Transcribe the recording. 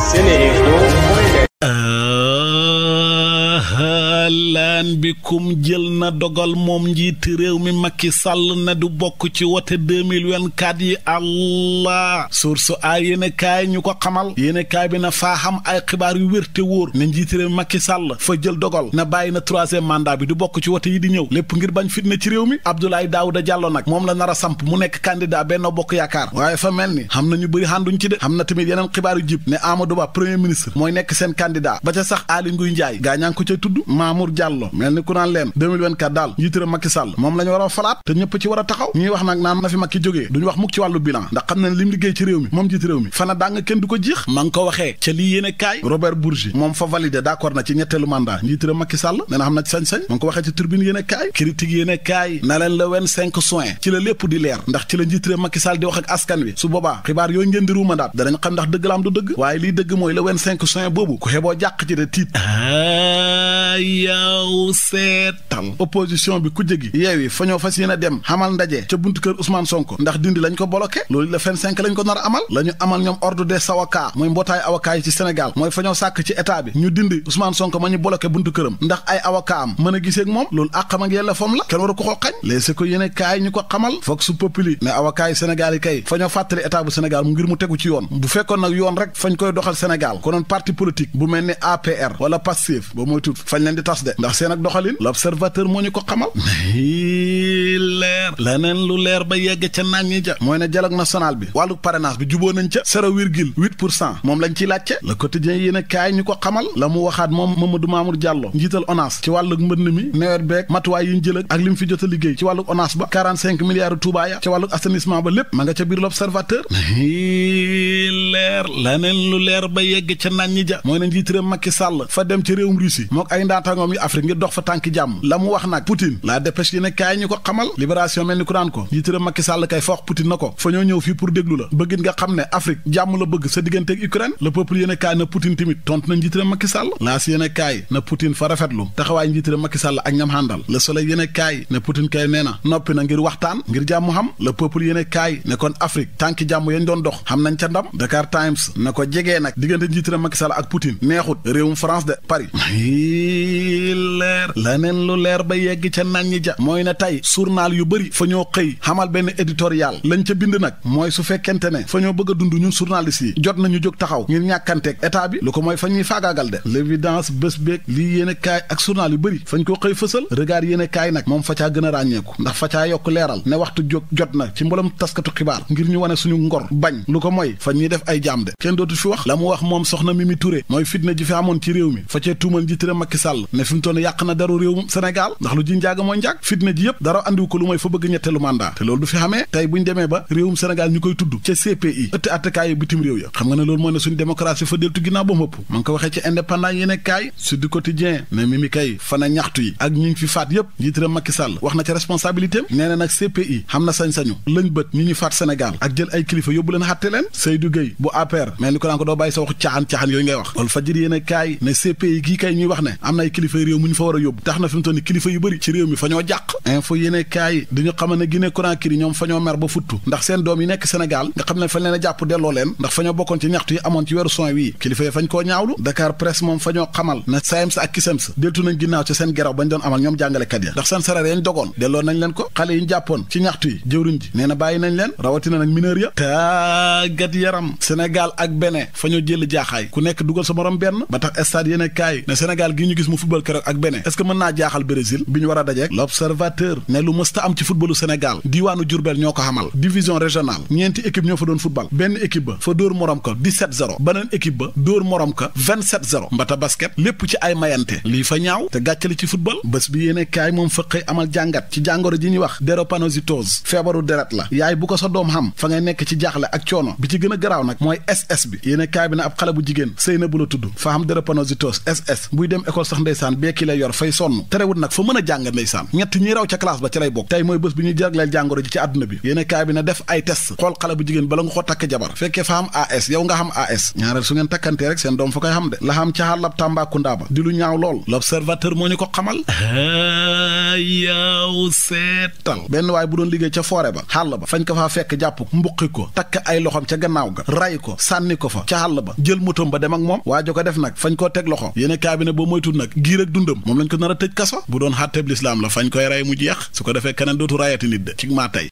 Sénégal waxtaan bi kum jël na dogal moom njiiti réew mi Macky Sall ne du bokk ci wote 2024 yi allah source a yéene kaay ñu ko xamal yéene kaay bi na faa xam ay xibaar yu wér te wóor ne njiiti réew mi Macky Sall fa jël dogal na bàyyi na troisième mandat bi du bokk ci wote yi di ñëw lépp ngir bañ fitna ci réew mi Abdoulaye Daouda Diallo nag moom la nar a samp mu nekk candidat Benno Bokk Yaakaar waaye fa mel ni xam na ñu bëri xànduñ ci de xam na tamit yeneen xibaar yu jib ne Amadou Ba premier ministre mooy nekk seen candidat ba ca sax Aly Ngouille Ndiaye la mel ni ku naan leen daal njiitëram Macky Sall moom la ñu war a falaat te ñëpp ci war a taxaw ñuy wax nag naan na fi Macky jógee duñu wax mukk ci wàllu bilan ndax xam ne lim liggéey ci réew mi moom jiit réew mi daa nga kenn du ko jiix ma ko waxee ca lii yéene kaay Robert Bourgi moom fa validé d'accord na ci ñetteelu mandat njiitëram Macky Sall nee na xam na ci sañ ko waxee ci turbine yéene kaay critique yéene kaay na leen la wen cinq soin ndax ci la njiitëram Macky Sall di wax ak askan wi su boobaa xibaar yooyu ngeen di ruumandaat danañ xam ndax dëgg ko seetal opposition bi ku jégi yeewi fa ñoo fas dem xamal ndaje ca buntu kër Ousmane Sonko ndax dindi lañ ko bloqué loolu la 25 lañ ko nar amal la ñu amal ñoom ordre des avocats mooy mbootaay avocats yi ci Sénégal mooy fa sàkk ci état bi ñu dindi Ousmane Sonko ma ñu bloqué buntu këram ndax ay avocat am mën a gisee moom loolu àqam ak yella foom la kenn war a ko ko xañ léegi ko yéene kaay ñu ko xamal foog su populi ne avocats yi Sénégal yi kay fa mu ngir mu tegu ci yoon bu fekkoon nag seen ak doxalin l'observateur moo ñu ko xamal leer leneen lu leer ba yegg ca naan ñi nañ le quotidien yéen a yi a liggéey ci wàllug ONAS ma nga ca biir l'observateur ja mooy ne njiitaram Macky Sall fa dem ci réewum Russie mook ay ndaataangoom yu Afrique ngir dox fa tànki jàmm la mu wax nag Poutine la dépêche yéen a kaay ñu ko xamal libération réaction mel ni ku naan ko njiitëram Macky Sall kay fa wax na ko fa ñoo ñëw fii pour déglu la bëggit nga xam ne Afrique jàmm la bëgg sa diggante ak Ukraine le peuple yéen kaay na Poutine tamit tontu na njiitëram Macky Sall laas yéen kaay na Poutine fa rafetlu taxawaay njiitëram Macky Sall ak ñam xàndal le soleil ne Poutine kay nee na noppi na ngir waxtaan ngir jàmm xam le peuple yéen ne kon Afrique tànki jàmm yañ doon dox xam nañ ca ndam Dakar Times na ko jegee nag diggante njiitëram Macky Sall ak Poutine neexut réewum la neen lu leer ba yegg ca nañ ñi mooy ne tey journal yu bëri fa ñoo xëy xamal benn éditorial lañ ca bind nag mooy su fekkente ne fa ñoo bëgg a dund ñun journalistes yi jot nañu jóg taxaw ngir ñàkkanteeg état bi lu ko moy fa ñuy faagaagal de l'évidence bés beeg lii yéen kaay ak journal yu bëri fañ ko xëy fësal regard yéen kaay nag moom fa caa gën ràññeeku ndax fa caa yokk leeral ne waxtu jóg jot na ci mbolam taskatu xibaar ngir ñu wane suñu ngor bañ lu ko mooy fa ñuy def ay jaam de kenn dootu fi wax la mu wax moom soxna Mimi Touré mooy fitna ji fi amoon ci réew mi fa cee tuumal ji tëra Macky Sall yàq na daru réew Sénégal ndax lu ji njaaga mooy njaag fitna yëpp dara andiw ko lu bëgg te loolu du fi xamee tey bu demee ba réewum Sénégal ñu koy tudd ca CPI ëtti attekaay yu bitim réew ya xam nga ne loolu moo ne suñu démocratie fa deltu ginnaaw ba mëpp ma ngi ko waxee ci indépendant yéene kaay su du quotidien ne Mimi Kay fana ñaxtu yi ak ñi fi faat yépp njiitëram Macky Sall wax na ci responsabilité am nee na nag CPI xam na sañ-sañu lañ bët faat Sénégal ak jël ay kilifa yóbbu leen xatte leen Seydou Gueye bu APR mais a ni ñu xamal ne Guinée Conakry ndax seen doom yañ dogoon delloo nañ leen ko xale yi ñu jàppoon ci ñaxtu yi jëwriñ ji nee na bàyyi nañ leen rawatina nag mineur ya tàggat yaram Sénégal ak Bénin fa ñoo jël jaaxaay ku nekk dugal sa morom benn ba tax stade yéene kaay ne Sénégal gi ñu gis mu football keroog ak Bénin est mën naa jaaxal Brésil bi ñu war a dajeek l'observateur ne lu mësta am ci footballu Sénégal diiwaanu Jurbel ñoo ko xamal division régionale ñeenti équipe ñoo fa doon football benn équipe ba fa dóor morom ka 17 0 beneen équipe ba dóor morom ka mbata basket lépp ci ay mayante lii fa ñaaw te gàccale ci football bés bi yéene kaay moom fa xëy amal jàngat ci jàngoro ji ñuy wax déropanositose feebaru deret la yaay bu ko sa doom xam fa ngay nekk ci jaaxle ak coono bi ci gën a garaaw nag mooy SS bi yéene kaay bi na ab xale bu jigéen a jàng ndeysaan ñett ñi mooy bés bi ñuy jagleel jàngoro ji ci àdduna bi yéen kaay bi na def ay test xool xale bu jigéen bala nga ko takk jabar fekkee fa am as yow nga xam as ñaareel su ngeen takkantee rek seen doom fa koy xam de la xam ca xàllab Tambacounda ba di lu ñaaw lool l'observateur moo ñu ko xamal yow seetal benn waaye bu doon liggéey ca foore ba xàll ba fañ ko faa fekk jàpp mbuqi ko takk ay loxom ca gannaaw ga ray ko sànni ko fa ca xàll ba jël motom ba dem ak moom waa ko def nag fañ koo teg loxo yéen kaay bi boo moytu nag giir ak moom lañ ko nar a bu doon xàtteeb lislaam la fañ koy ray mu jeex dootu rayati nit de ci maa tey